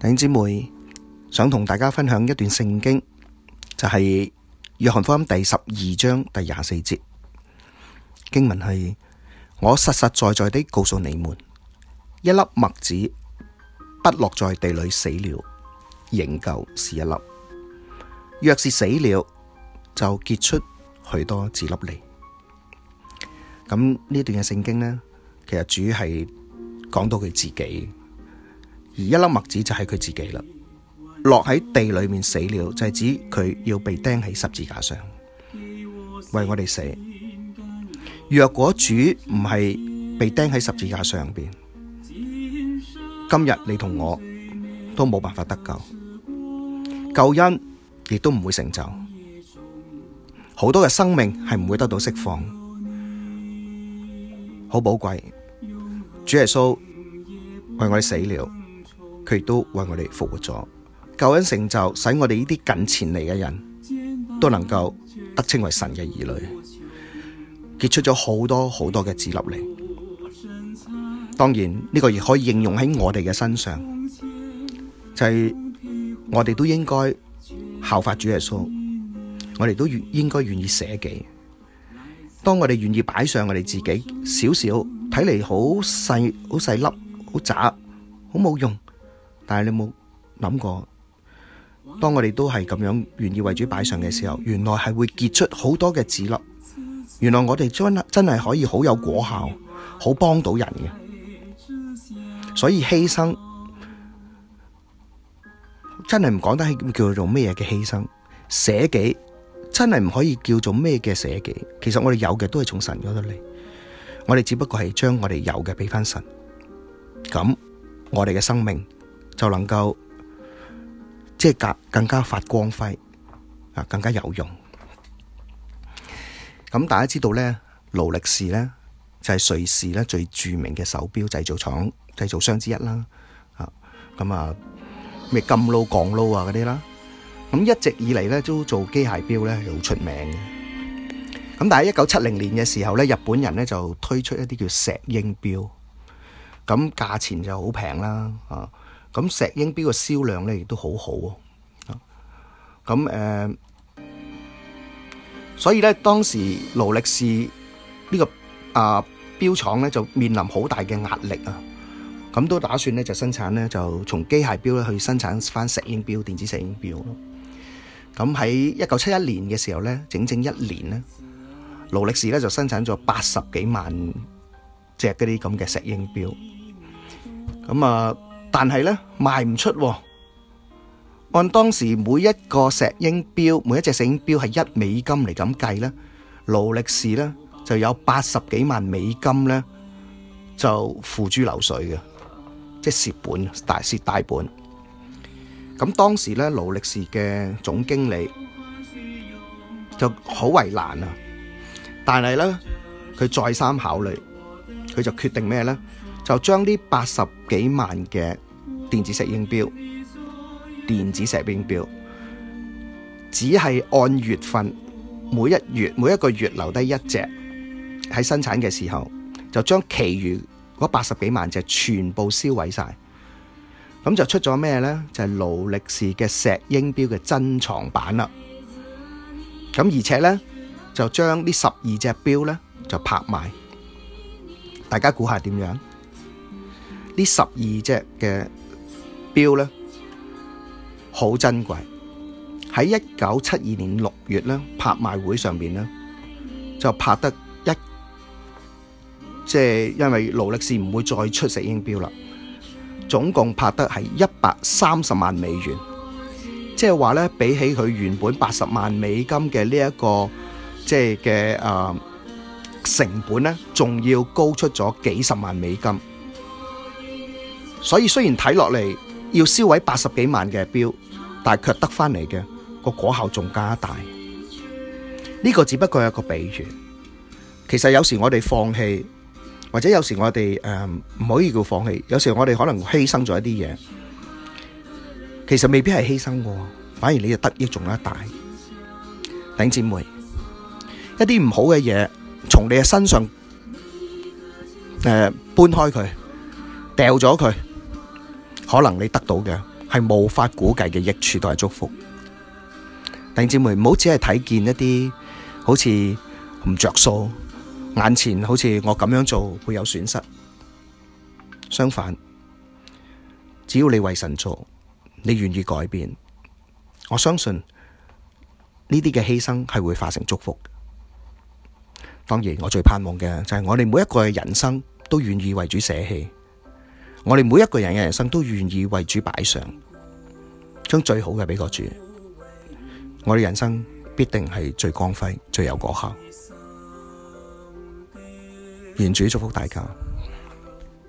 弟兄姊妹，想同大家分享一段聖經，就係、是、約翰福音第十二章第廿四節經文，係我實實在在地告訴你們，一粒麥子不落在地裏死了，仍舊是一粒；若是死了，就結出許多子粒嚟。咁呢段嘅聖經呢，其實主要係講到佢自己。而一粒麥子就係佢自己啦，落喺地裏面死了，就係、是、指佢要被釘喺十字架上，為我哋死。若果主唔係被釘喺十字架上邊，今日你同我都冇辦法得救，救恩亦都唔會成就，好多嘅生命係唔會得到釋放，好寶貴。主耶穌為我哋死了。佢亦都為我哋復活咗，救恩成就，使我哋呢啲近前嚟嘅人都能夠得稱為神嘅兒女，結出咗好多好多嘅子粒嚟。當然呢個亦可以應用喺我哋嘅身上，就係我哋都應該效法主耶穌，我哋都願應該願意捨己。當我哋願意擺上我哋自己，少少睇嚟好細，好細粒，好渣，好冇用。但係你冇諗過，當我哋都係咁樣願意為主擺上嘅時候，原來係會結出好多嘅子粒。原來我哋真真係可以好有果效，好幫到人嘅。所以犧牲真係唔講得起，叫做咩嘅犧牲捨己，真係唔可以叫做咩嘅捨己。其實我哋有嘅都係從神嗰度嚟，我哋只不過係將我哋有嘅俾翻神。咁我哋嘅生命。就能夠即係更更加發光輝啊，更加有用。咁大家知道咧，勞力士咧就係瑞士咧最著名嘅手錶製造廠，製造商之一啦。啊，咁啊咩金撈港撈啊嗰啲啦，咁一直以嚟咧都做機械錶咧，係好出名嘅。咁但係一九七零年嘅時候咧，日本人咧就推出一啲叫石英錶，咁價錢就好平啦啊。咁石英表嘅銷量咧亦都好好、啊、喎，咁、啊、誒，所以咧當時勞力士、這個啊、呢個啊表廠咧就面臨好大嘅壓力啊，咁、啊、都打算咧就生產咧就從機械表咧去生產翻石英表、電子石英表。咁喺一九七一年嘅時候咧，整整一年咧，勞力士咧就生產咗八十幾萬隻嗰啲咁嘅石英表，咁啊～但係咧賣唔出，按當時每一個石英表，每一隻石英表係一美金嚟咁計咧，勞力士咧就有八十幾萬美金咧就付諸流水嘅，即係蝕本，大蝕大本。咁當時咧勞力士嘅總經理就好為難啊，但係咧佢再三考慮，佢就決定咩咧？就將呢八十幾萬嘅電子石英錶、電子石英錶，只係按月份，每一月每一個月留低一隻喺生產嘅時候，就將其餘嗰八十幾萬隻全部燒毀晒。咁就出咗咩呢？就係勞力士嘅石英錶嘅珍藏版啦。咁而且呢，就將呢十二隻錶呢，就拍賣，大家估下點樣？呢十二隻嘅錶咧，好珍貴。喺一九七二年六月咧，拍賣會上邊咧，就拍得一，即係因為勞力士唔會再出石英錶啦。總共拍得係一百三十萬美元，即係話咧，比起佢原本八十萬美金嘅呢一個，即係嘅啊成本咧，仲要高出咗幾十萬美金。所以雖然睇落嚟要燒毀八十幾萬嘅表，但係卻得翻嚟嘅個果效仲加大。呢個只不過係一個比喻。其實有時我哋放棄，或者有時我哋誒唔可以叫放棄。有時我哋可能犧牲咗一啲嘢，其實未必係犧牲嘅，反而你嘅得益仲加大。頂姐妹，一啲唔好嘅嘢從你嘅身上誒搬開佢，掉咗佢。可能你得到嘅係無法估計嘅益處，都係祝福。弟兄姊妹，唔好只係睇見一啲好似唔着數，眼前好似我咁樣做會有損失。相反，只要你為神做，你願意改變，我相信呢啲嘅犧牲係會化成祝福。當然，我最盼望嘅就係我哋每一個人生都願意為主捨棄。我哋每一個人嘅人生都願意為主擺上，將最好嘅俾個主，我哋人生必定係最光輝、最有果效。願主祝福大家。